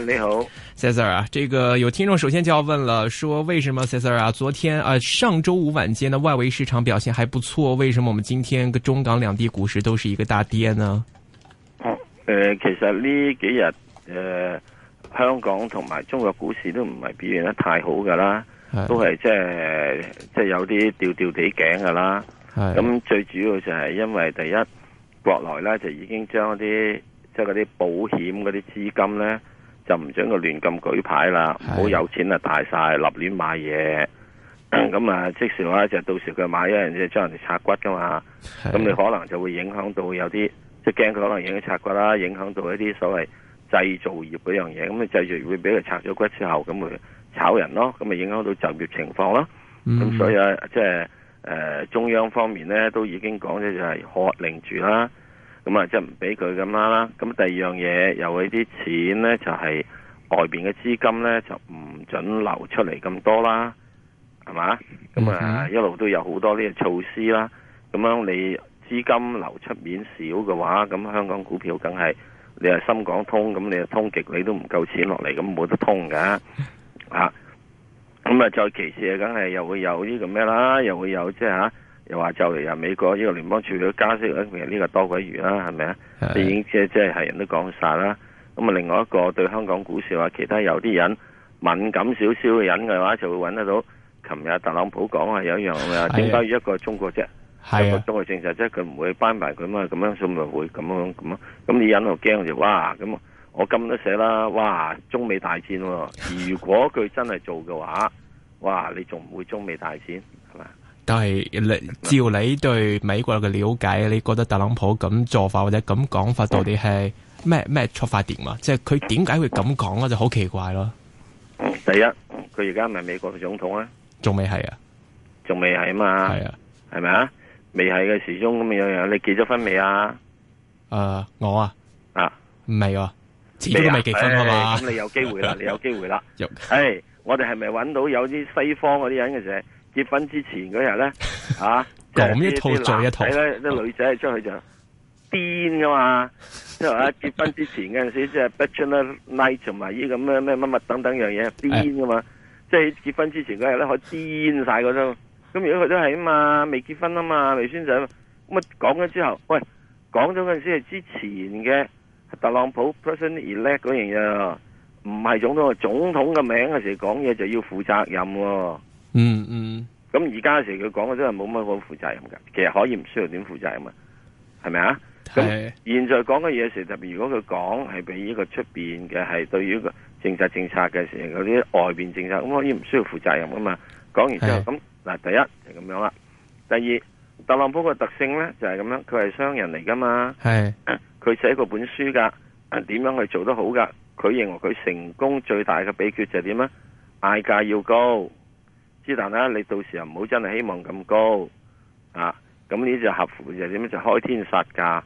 你好，Cesar 啊，這個有聽眾首先就要問了，說為什麼 Cesar 啊，昨天啊、呃、上周五晚間的外圍市場表現還不錯，為什麼我們今天個中港兩地股市都是一個大跌呢？誒，其實呢幾日誒、呃，香港同埋中國股市都唔係表現得太好噶啦都係即係即係有啲吊吊地頸噶啦咁最主要就係因為第一，國內呢就已經將啲即係啲保險嗰啲資金呢。就唔准佢亂咁舉牌啦，唔好有錢啊大晒立亂買嘢。咁、嗯、啊、嗯，即時話就到時佢買一樣嘢，將人哋拆骨㗎嘛。咁你可能就會影響到有啲，即係驚佢可能影響拆骨啦，影響到一啲所謂製造業嗰樣嘢。咁你製造業會俾佢拆咗骨之後，咁咪炒人咯。咁咪影響到就業情況咯。咁、嗯、所以啊，即係誒中央方面咧，都已經講咗，就係學領住啦。咁啊，即係唔俾佢咁啦。咁第二樣嘢，又係啲錢咧，就係外面嘅資金咧，就唔准流出嚟咁多啦，係嘛？咁、嗯、啊，一路都有好多呢個措施啦。咁樣你資金流出面少嘅話，咁香港股票梗係你係深港通，咁你係通極，你都唔夠錢落嚟，咁冇得通㗎。咁啊，再其次梗係又會有啲咁嘅啦，又會有即係嚇。就是又話就嚟啊！美國呢個聯邦儲備加息呢、呢個多鬼餘啦，係咪啊？你已經即即係人都講晒啦。咁啊，另外一個對香港股市話，其他有啲人敏感少少嘅人嘅話，就會揾得到。琴日特朗普講係有一樣嘅，點解要一個中國啫？係啊，都係證實啫，佢唔會扳埋佢嘛。咁樣信咪會咁樣咁啊。咁啲人又驚就哇，咁我今都寫啦。哇，中美大戰喎、哦！如果佢真係做嘅話，哇，你仲唔會中美大戰？但係你照你對美國嘅了解，你覺得特朗普咁做法或者咁講法，到底係咩咩出發點啊？即係佢點解會咁講啊？就好奇怪咯。第一，佢而家唔係美國嘅總統啊，仲未係啊，仲未係啊嘛。係啊，係咪啊？未係嘅時鐘咁樣樣，你結咗婚未啊？誒、呃，我啊，啊，未啊，始終都未結婚啊嘛。咁、哎、你有機會啦，你有機會啦。係， hey, 我哋係咪揾到有啲西方嗰啲人嘅啫？結婚之前嗰日咧， 啊講一套做一套咧，啲、就是、 女仔出去就癲噶嘛。即係話結婚之前嗰陣時，即係 bachelor night 同埋依咁咩咩乜乜等等樣嘢癲噶嘛。即 係結婚之前嗰日咧，可以癲晒嗰種。咁如果佢都係啊嘛，未結婚啊嘛，未宣誓咁啊講咗之後，喂，講咗嗰陣時係之前嘅特朗普 president elect 嗰樣嘢，唔係總統，總統嘅名時講嘢就要負責任。嗯嗯，咁而家嘅時佢講嘅真係冇乜好負責任噶，其實可以唔需要點負責任嘛，係咪啊？咁現在講嘅嘢時，特別如果佢講係俾呢個出邊嘅係對於個政策政策嘅時候，嗰啲外邊政策咁可以唔需要負責任嘛。講完之後咁嗱，第一就咁、是、樣啦。第二特朗普嘅特性咧就係、是、咁樣，佢係商人嚟噶嘛，係。佢、啊、寫過本書噶，點、啊、樣去做得好噶？佢認為佢成功最大嘅秘訣就係點啊？嗌價要高。之但啦，你到時候唔好真係希望咁高，啊咁呢就合乎就點樣就開天殺價，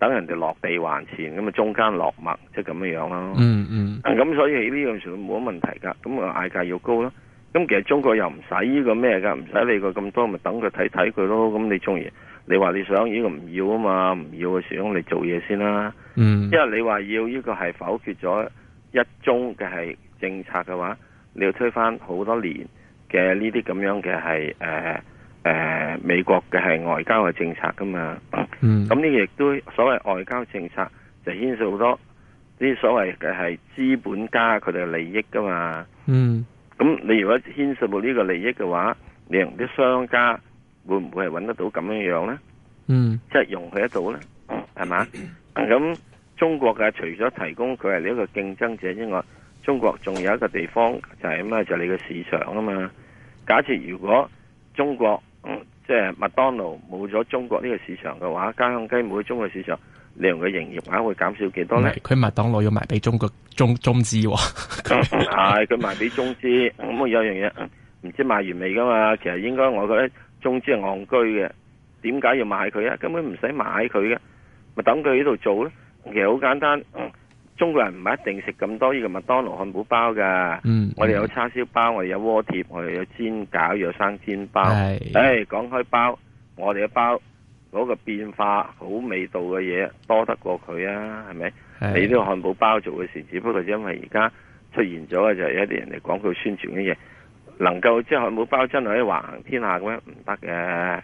等人哋落地還錢，咁啊中間落墨即係咁嘅樣咯、啊。嗯嗯，咁、啊、所以呢樣嘢冇乜問題㗎，咁啊嗌價要高咯。咁其實中國又唔使呢個咩㗎，唔使理佢咁多咪等佢睇睇佢咯。咁你中意，你話你想呢、呢個唔要啊嘛，唔要嘅時候你做嘢先啦、啊。嗯，因為你話要呢個係否決咗一中嘅係政策嘅話，你要推翻好多年。嘅呢啲咁樣嘅係誒誒美國嘅係外交嘅政策噶嘛，咁呢亦都所謂外交政策就牽涉好多啲所謂嘅係資本家佢哋嘅利益噶嘛，咁、嗯、你如果牽涉到呢個利益嘅話，你同啲商家會唔會係揾得到咁樣樣咧？嗯，即係容許得到咧，係嘛？咁中國嘅、啊、除咗提供佢係你一個競爭者之外，中國仲有一個地方就係咩？就你嘅市場啊嘛。假設如果中國、嗯、即係麥當勞冇咗中國呢個市場嘅話，家鄉雞冇咗中國市場，用嘅營業額、啊、會減少幾多咧？佢、嗯、麥當勞要賣俾中國中中資喎、哦，係佢、 哎、賣俾中資，咁、嗯、我有樣嘢唔、嗯、知賣完未噶嘛？其實應該我覺得中資係戇居嘅，點解要買佢啊？根本唔使買佢嘅，咪等佢喺度做咯。其實好簡單。嗯中國人唔係一定食咁多呢，這個麥當勞漢堡包噶，嗯，我哋有叉燒包，我哋有鍋貼，我哋有，有煎餃，有生煎包。誒，講、哎，開包，我哋嘅包嗰、那個變化好味道嘅嘢，多得過佢啊，係咪？你呢個漢堡包做嘅事，只不過因為而家出現咗嘅，就有一啲人嚟講佢宣傳嘅嘢，能夠即係漢堡包真係可以橫行天下咁樣，唔得嘅。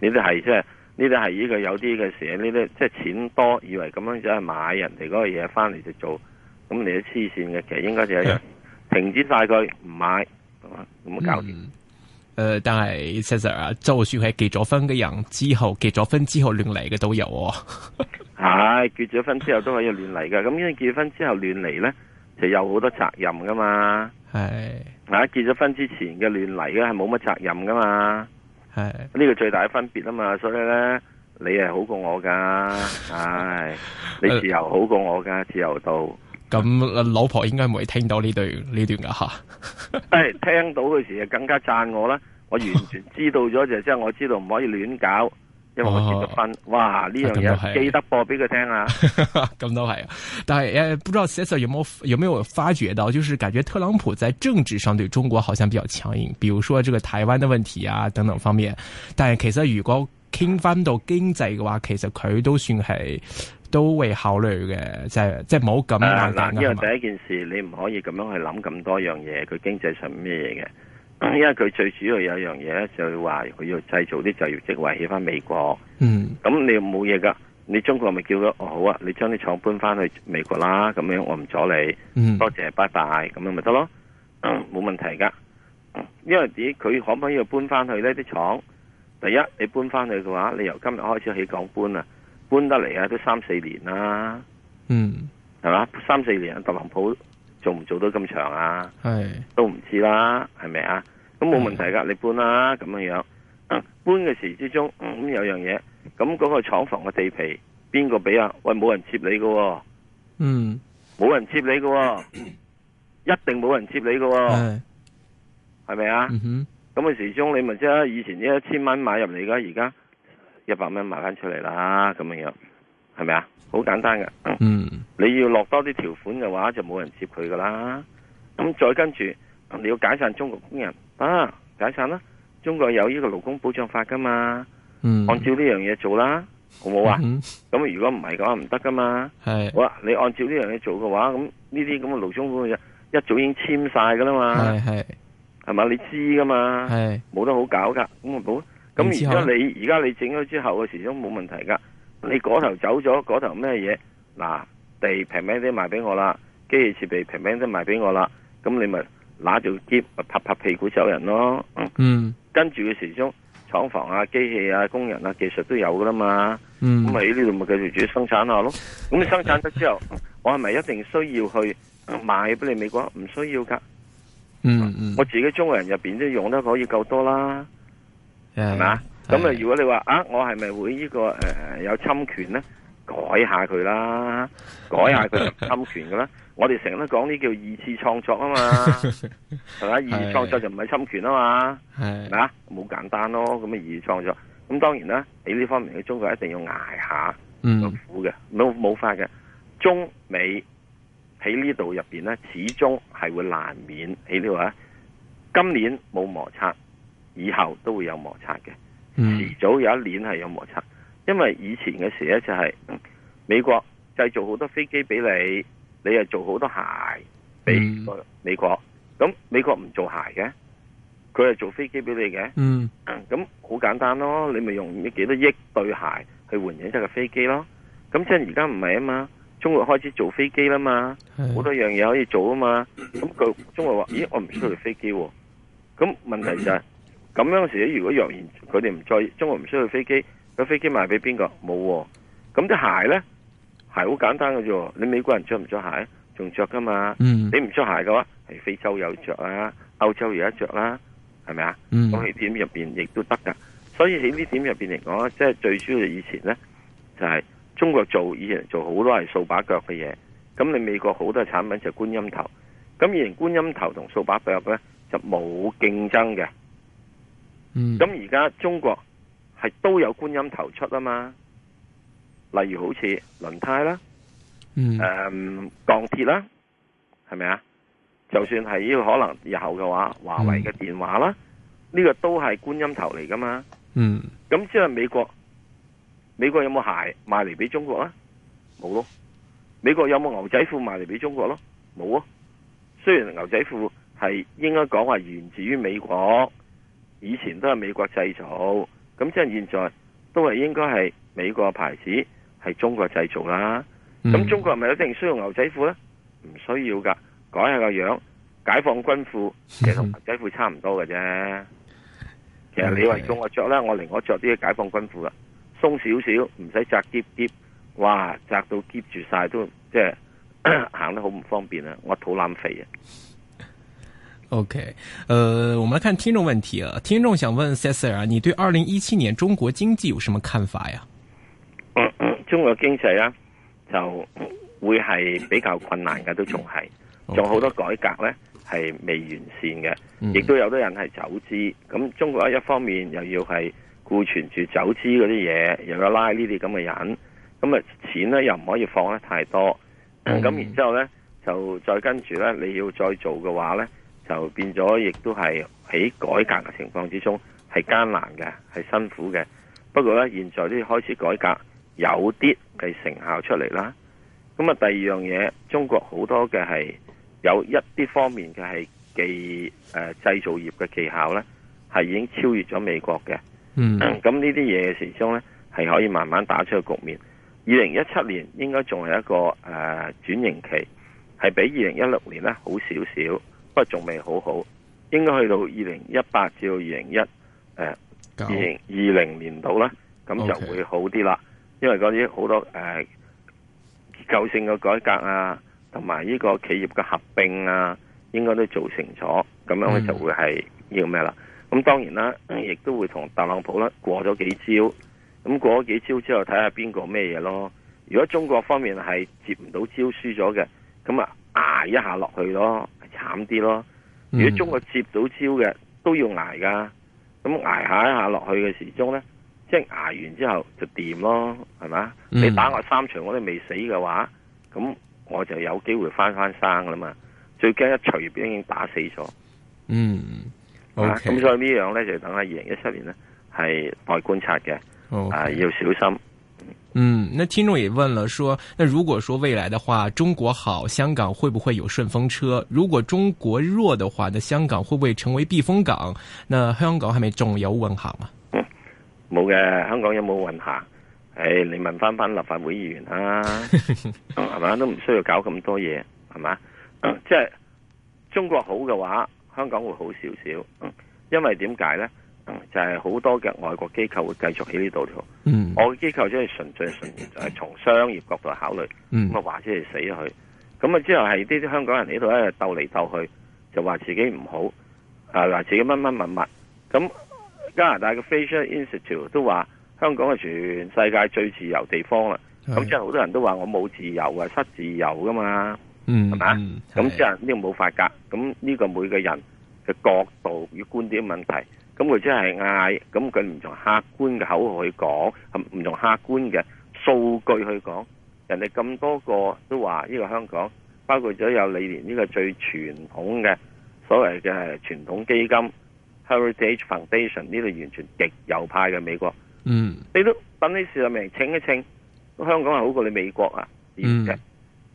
你哋係即係。是呢啲係呢個有啲嘅事，呢啲即係錢多以為咁樣就係買人哋嗰個嘢翻嚟就做，咁你都黐線嘅，其實應該就係停止晒佢，唔買，咁嘛，咁樣搞掂。誒、嗯呃，但係 Sar 啊，就算係結咗婚嘅人之後，結咗婚之後亂嚟嘅都有、哦。係 結咗婚之後都可以亂嚟噶，咁因為結咗婚之後亂嚟咧，就有好多責任噶嘛。係嗱、啊，結咗婚之前嘅亂嚟嘅，係冇乜責任噶嘛。係呢、這個最大嘅分別啊嘛，所以咧你係好過我噶。唉、 哎，你自由好過我噶自由到。咁、嗯、老婆應該唔會聽到呢段呢段噶吓，係 聽到嗰時就更加讚我啦。我完全知道咗 就即係我知道唔可以亂搞。因為我結咗婚，哇呢樣嘢係記得播俾佢聽啊，咁都係啊。但係誒、呃，不知道 Sister 有冇有，有，有發覺到，就是感覺特朗普在政治上對中國好像比較強硬，比如說這個台灣嘅問題啊等等方面。但係其實如果傾返到經濟嘅話，其實佢都算係都會考慮嘅，即係即係冇咁難感。嗱、啊，呢、啊這個第一件事，你唔可以咁樣去諗咁多樣嘢，佢經濟上咩嘅。因為佢最主要有一樣嘢咧，就係話佢要製造啲就業職位起翻美國。嗯，咁你冇嘢噶，你中國咪叫咗？哦，好啊，你將啲廠搬翻去美國啦，咁樣我唔阻你。嗯，多謝，拜拜，咁樣咪得咯，冇、嗯、問題噶。因為點佢可唔可以又搬翻去呢啲廠，第一你搬翻去嘅話，你由今日開始起講搬啊，搬得嚟啊都三四年啦。嗯，係嘛？三四年啊，特朗普做唔做得咁長啊？係，都唔知啦，係咪啊？咁冇問題噶，你搬啦咁樣樣。嗯、搬嘅時之中，咁、嗯、有樣嘢，咁、嗯、嗰、個廠房嘅地皮邊個俾啊？喂，冇人接你㗎、哦、嗯，冇人接你喎、哦， 一定冇人接你喎、哦，係咪啊？咁嘅時中，你咪即係以前呢一千蚊買入嚟噶，而家一百蚊買翻出嚟啦，咁樣樣係咪啊？好簡單嘅、嗯，嗯，你要落多啲條款嘅話，就冇人接佢噶啦。咁、嗯、再跟住、嗯、你要解散中國工人。啊，解散啦！中國有呢個勞工保障法噶嘛、嗯，按照呢樣嘢做啦，好冇啊好？咁、嗯、如果唔係嘅話，唔得噶嘛。係，好啦，你按照呢樣嘢做嘅話，咁呢啲咁嘅勞工保障一早已經簽晒噶啦嘛，係係，係嘛？你知噶嘛？係，冇得好搞噶。咁啊好，咁而家你而家你整咗之後嘅時候冇問題噶，你嗰頭走咗，嗰頭咩嘢？嗱，地平平啲賣俾我啦，機器設備平平啲賣俾我啦，咁你咪。拿住個篋拍拍屁股走人咯，嗯，跟住嘅時鐘廠房啊、機器啊、工人啊、技術都有噶啦嘛，嗯，咁咪喺呢度咪繼續自己生產下咯。咁你生產咗之後， 我係咪一定需要去賣俾、啊、你美國？唔需要噶，嗯嗯、啊，我自己中國人入邊都用得可以夠多啦，係、嗯、嘛？咁啊，嗯、如果你話啊，我係咪會呢、這個誒、呃、有侵權咧？改下佢啦，改下佢就侵權㗎啦。 我哋成日都講呢叫二次創作啊嘛，係 咪？二次創作就唔係侵權啊嘛，係 嘛？好簡單咯，咁啊二次創作。咁當然啦，喺呢方面，嘅中國一定要捱下，咁、嗯、苦嘅，冇冇法嘅。中美喺呢度入邊咧，始終係會難免，喺呢度話，今年冇摩擦，以後都會有摩擦嘅，遲早有一年係有摩擦。因為以前嘅時咧，就係、是、美國製造好多飛機俾你，你又做好多鞋俾美國。咁、嗯、美國唔做鞋嘅，佢係做飛機俾你嘅。咁、嗯、好、嗯、簡單咯，你咪用幾多億對鞋去換影一架飛機咯。咁即係而家唔係啊嘛，中國開始做飛機啦嘛，好多樣嘢可以做啊嘛。咁佢中國話： 咦，我唔需要飛機。咁問題就係咁樣嘅時，如果若然佢哋唔再中國唔需要飛機。個飛機賣俾邊個？冇、哦。咁啲鞋咧，鞋好簡單嘅啫。你美國人着唔着鞋？仲着噶嘛？嗯、你唔着鞋嘅話，非洲有着啦，歐洲而家着啦，係咪啊？咁、啊嗯、點入邊亦都得噶。所以喺呢點入邊嚟講，即係最主要以前咧，就係中國做以前做好多係掃把腳嘅嘢。咁你美國好多產品就係觀音頭。咁而觀音頭同掃把腳咧，就冇競爭嘅。咁而家中國。係都有觀音頭出啊嘛，例如好似輪胎啦，嗯，呃、鋼鐵啦，係咪啊？就算係呢個可能日後嘅話，華為嘅電話啦，呢、嗯呢個都係觀音頭嚟噶嘛。嗯，咁即係美國，美國有冇鞋賣嚟俾中國啊？冇咯。美國有冇牛仔褲賣嚟俾中國咯？冇啊。雖然牛仔褲係應該講話源自於美國，以前都係美國製造。咁即係現在都係應該係美國牌子係中國製造啦。咁中國係咪一定需要牛仔褲呢？唔需要噶，改下個樣，解放軍褲其實同牛仔褲差唔多嘅啫。其實你話叫我着咧，我寧可着啲解放軍褲啦，鬆少少，唔使紮結結，哇，扎到結住晒都即係行得好唔方便啊！我肚腩肥啊！OK，誒、呃，我們來看聽眾問題啊！聽眾想問石 Sir，你對二零一七年中國經濟有什麼看法呀？中國經濟呢、啊，就會係比較困難嘅，都仲係仲好多改革呢，係未完善嘅，亦、okay. 都有啲人係走資，咁、嗯、中國一方面又要係固存住走資嗰啲嘢，又要拉呢啲咁嘅人，咁啊錢呢，又唔可以放得太多，咁、嗯、然之後呢就再跟住呢，你要再做嘅話呢。就變咗，亦都係喺改革嘅情況之中係艱難嘅，係辛苦嘅。不過呢，現在都開始改革有啲係成效出嚟啦。咁啊，第二樣嘢，中國好多嘅係有一啲方面嘅係技誒、呃、製造業嘅技巧呢，係已經超越咗美國嘅。嗯。咁呢啲嘢嘅始終呢，係可以慢慢打出個局面。二零一七年應該仲係一個誒、呃、轉型期，係比二零一六年呢好少少。不過仲未好好，應該去到二零一八至到二零一誒、二零二零年度啦，咁、呃、就會好啲啦。Okay. 因為嗰啲好多誒、呃、結構性嘅改革啊，同埋呢個企業嘅合併啊，應該都做成咗，咁樣咧就會係要咩啦？咁、mm -hmm. 當然啦，亦都會同特朗普啦過咗幾招，咁過咗幾招之後，睇下邊個咩嘢咯。如果中國方面係接唔到招了的，輸咗嘅，咁啊。挨一下落去咯，慘啲咯。如果中國接到招嘅、嗯，都要挨噶。咁挨下一下落去嘅時鐘咧，即係挨完之後就掂咯，係咪、嗯？你打我三場我都未死嘅話，咁我就有機會翻翻生噶啦嘛。最驚一場已經打死咗。嗯，好、okay. 啦、啊。咁所以這樣呢樣咧就等喺二零一七年咧係待觀察嘅，oh, okay. 啊要小心。嗯，那聽眾也問了，說，那如果說未來的話，中國好，香港會不會有順風車？如果中國弱的話，那香港會不會成為避風港？那香港係咪仲有運行啊？冇嘅，香港有冇運行？誒、哎，你問翻翻立法會議員啊，係 嘛？都唔需要搞咁多嘢，係嘛、嗯？即係中國好嘅話，香港會好少少、嗯，因為點解呢？嗯、就係、是、好多嘅外國機構會繼續喺呢度度，我嘅機構即係純粹、純粹就係從商業角度考慮，咁啊話即係死咗佢，咁啊之後係啲啲香港人喺度咧鬥嚟鬥去，就話自己唔好，啊、呃、話自己乜乜乜乜。咁加拿大嘅 Fraser Institute 都話香港係全世界最自由的地方啦，咁之後好多人都話我冇自由啊，失自由噶嘛，係、嗯、嘛，咁之後呢個冇法格，咁呢個每個人嘅角度與觀點的問題。咁佢真係嗌，咁佢唔從客觀嘅口號去講，唔唔從客觀嘅數據去講，人哋咁多個都話呢個香港，包括咗有你連呢個最傳統嘅所謂嘅傳統基金 Heritage Foundation 呢度，完全極右派嘅美國。嗯，你都揾啲事實嚟清一清，香港係好過你美國啊，咁、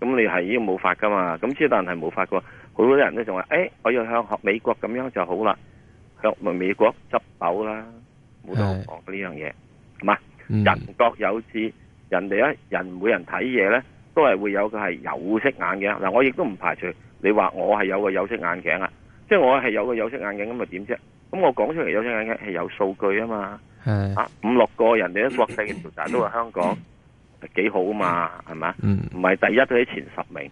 嗯、你係已經冇法噶嘛，咁道但係冇法過，好多人都仲話，誒、欸、我要向學美國咁樣就好啦。美國執鬥啦，冇得好講呢樣嘢，係嘛、嗯？人各有志，人哋一人每人睇嘢呢都係會有個係有色眼鏡嗱。我亦都唔排除你話我係有個有色眼鏡啊，即係我係有個有色眼鏡咁咪點啫？咁我講出嚟有色眼鏡係有數據啊嘛，係五六個人哋嘅國際調查都係香港幾好啊嘛，係嘛？唔、嗯、係第一都喺前十名，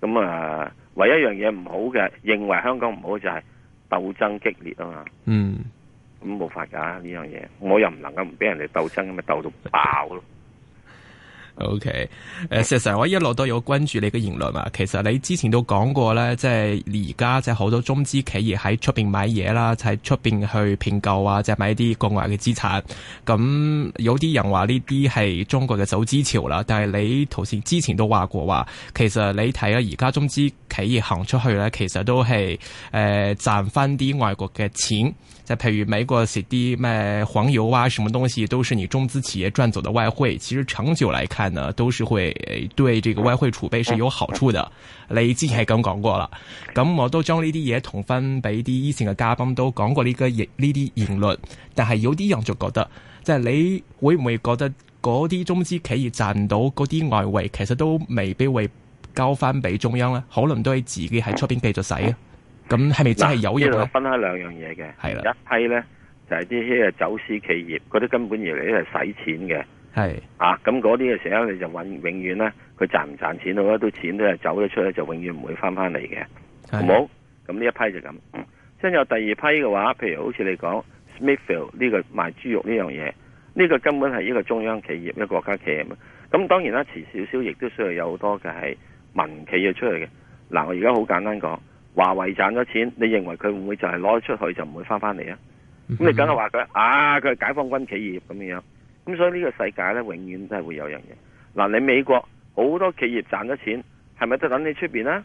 咁啊、呃、唯一,一樣嘢唔好嘅，認為香港唔好就係、是。鬥爭激烈啊嘛，嗯，咁冇法噶呢樣嘢，我又唔能夠唔俾人哋鬥爭，咁咪鬥到爆咯。O K，誒，石 sir 我一路都有關注你嘅言論啊。其實你之前都講過咧，即係而家即係好多中資企業喺出邊買嘢啦，就係出邊去並購啊，即係買啲國外嘅資產。咁有啲人話呢啲係中國嘅走資潮啦，但係你頭先之前都話過話，其實你睇下而家中資。企業行出去咧，其實都係誒、呃、賺翻啲外國嘅錢，就譬如美國食啲咩黃油啊，什麼東西都是你中資企業賺走的外匯。其實長久嚟看呢，都是會對這個外匯儲備是有好處的。你之前係咁講過了，咁我都將呢啲嘢同分俾啲以前嘅嘉賓都講過呢、這個呢啲言論。但係有啲人就覺得，即係你會唔會覺得嗰啲中資企業賺到嗰啲外匯，其實都未必會。交翻俾中央咧，可能都係自己喺出邊繼續使啊！咁係咪真係有呢？分開兩樣嘢嘅，係啦，一批咧就係、是、啲走私企業，嗰啲根本而嚟咧係洗錢嘅，係啊！咁嗰啲嘅時候你就永永遠咧，佢賺唔賺錢都一啲錢都係走咗出去，就永遠唔會翻翻嚟嘅，好冇？咁呢一批就咁，嗯，再有第二批嘅話，譬如好似你講 Smithfield 呢個賣豬肉呢樣嘢，呢、這個根本係一個中央企業，一個國家企業。咁當然啦，遲少少亦都需要有好多嘅係。民企要出嚟嘅嗱，我而家好簡單講，華為賺咗錢，你認為佢會唔會就係攞出去就唔會翻翻嚟啊？咁你梗係話佢啊，佢係解放軍企業咁樣，咁所以呢個世界咧永遠都係會有人嘅嗱，啊，你美國好多企業賺咗錢，係咪都等你出邊啊？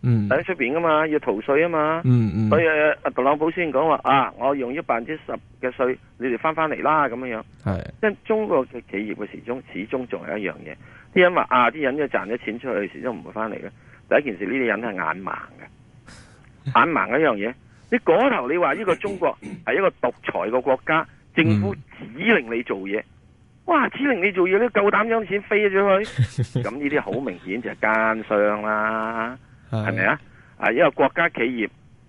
嗯，等你出邊噶嘛，要逃稅啊嘛，嗯嗯，所以阿、啊、特朗普先講話啊，我用咗百分之十嘅稅，你哋翻翻嚟啦咁樣，係，因為中國嘅企業嘅始終始終仲係一樣嘢。啲人話啊，啲人咧賺咗錢出去，始終唔會翻嚟嘅。第一件事呢啲人係眼盲嘅， 眼盲一樣嘢。你嗰頭你話呢個中國係一個獨裁嘅國家，政府指令你做嘢、嗯，哇，指令你做嘢，你夠膽將錢飛咗去？咁呢啲好明顯就係奸商啦，係 咪啊？啊，一個國家企業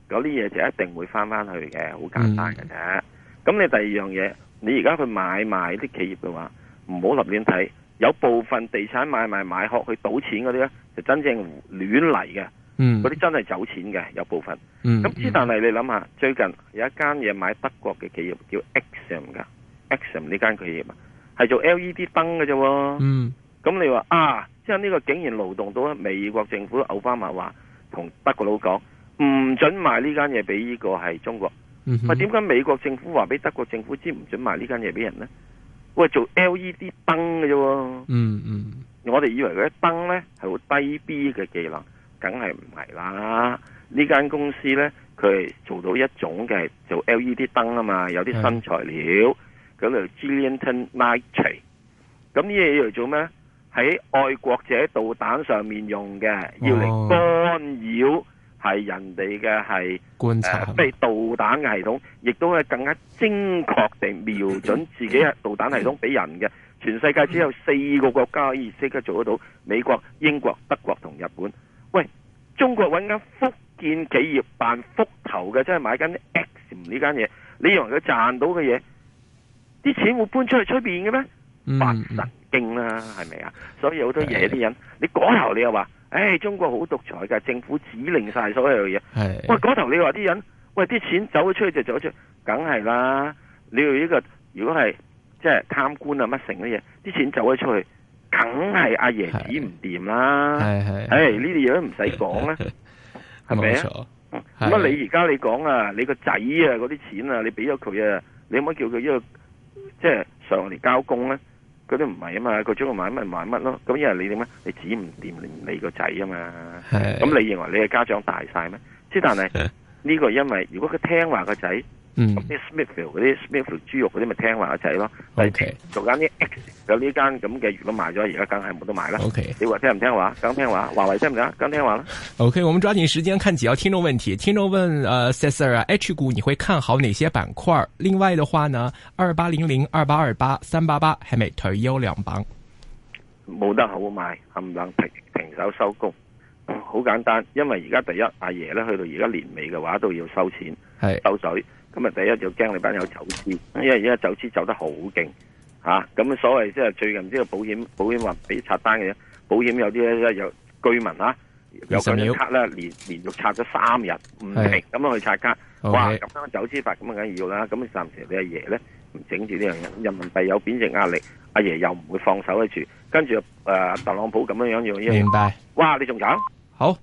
嗰啲嘢就一定會翻翻去嘅，好簡單嘅啫。咁、嗯、你第二樣嘢，你而家去買賣啲企業嘅話，唔好立亂睇。有部分地產買賣買殼去賭錢嗰啲咧，就真正亂嚟嘅。嗯，嗰啲真係走錢嘅，有部分。嗯，咁之但係你諗下，最近有一間嘢買德國嘅企業叫 Xiam 嘅，Xiam 呢間企業啊，係做 LED 燈嘅啫喎。嗯，咁你話啊，即係呢個竟然勞動到咧，美國政府奧巴馬話同德國佬講唔准賣呢間嘢俾呢個係中國。嗯，咪點解美國政府話俾德國政府知唔准賣呢間嘢俾人呢？佢做 LED 燈嘅啫喎。嗯嗯，我哋以為嗰啲燈咧係好低 B 嘅技能，梗係唔係啦？呢間公司咧，佢做到一種嘅做 LED 燈啊嘛，有啲新材料，叫做 gallium nitride。咁呢嘢要嚟做咩？喺愛國者導彈上面用嘅、哦，要嚟干擾。係人哋嘅係觀察，咩、呃、導彈系統，亦都係更加精確地瞄準自己嘅導彈系統俾人嘅。 全世界只有四個國家可以即刻做得到，美國、英國、德國同日本。喂，中國揾間福建企業辦福頭嘅，即係買緊 X 呢間嘢，你以為佢賺到嘅嘢，啲錢會搬出去出邊嘅咩？發神經啦，係咪啊？是是 所以好多嘢啲人，你嗰頭，你又話。誒、哎，中國好獨裁噶，政府指令晒所有嘢。係，喂嗰頭你話啲人，喂啲錢走咗出去就走咗出去，梗係啦。你呢、這個如果係即係貪官啊乜成嘅嘢，啲錢走咗出去，梗係阿爺指唔掂啦。係係，誒呢啲嘢都唔使講啦，係咪啊？咁、嗯嗯嗯嗯嗯、你而家你講啊，你個仔啊嗰啲錢啊，你俾咗佢啊，你可唔可以叫佢呢、這個即係、就是、上嚟交公咧？佢啲唔係啊嘛，佢中意買乜買乜咯，咁因為你點咧？你指唔掂你個仔啊嘛？咁你認為你嘅家長大曬咩？即係但係呢個因為如果佢聽話個仔。嗯，啲 Smithfield 嗰啲 Smithfield 豬肉嗰啲咪聽話仔咯，嚟、okay, 做緊啲 X，有呢間咁嘅如果賣咗，而家梗係冇得賣啦。Okay, 你話聽唔聽話？梗聽，聽話，華為聽唔聽？梗聽話啦。OK，我們抓緊時間看幾條聽眾問題。聽眾問：呃、啊，Sir 啊，H 股你會看好哪些板塊？另外嘅話呢，二八零零、二八二八、三八八係咪退休兩榜？冇得好賣，係唔平平手收工。好簡單，因為而家第一阿爺咧去到而家年尾嘅話都要收錢收水。今日第一就驚你班友走私，因為而家走私走得好勁，吓、啊、咁所謂即係最近呢個保險，保險話俾刷單嘅，啫，保險有啲咧有居民啦，有兩張卡啦，連連續刷咗三日唔停咁樣去刷卡，okay. 哇咁樣走私法咁啊梗要啦，咁暫時你阿爺咧唔整住呢樣嘢，人民幣有貶值壓力，阿爺又唔會放手得住，跟住誒、呃、特朗普咁樣樣用，明白？哇你仲慘，好。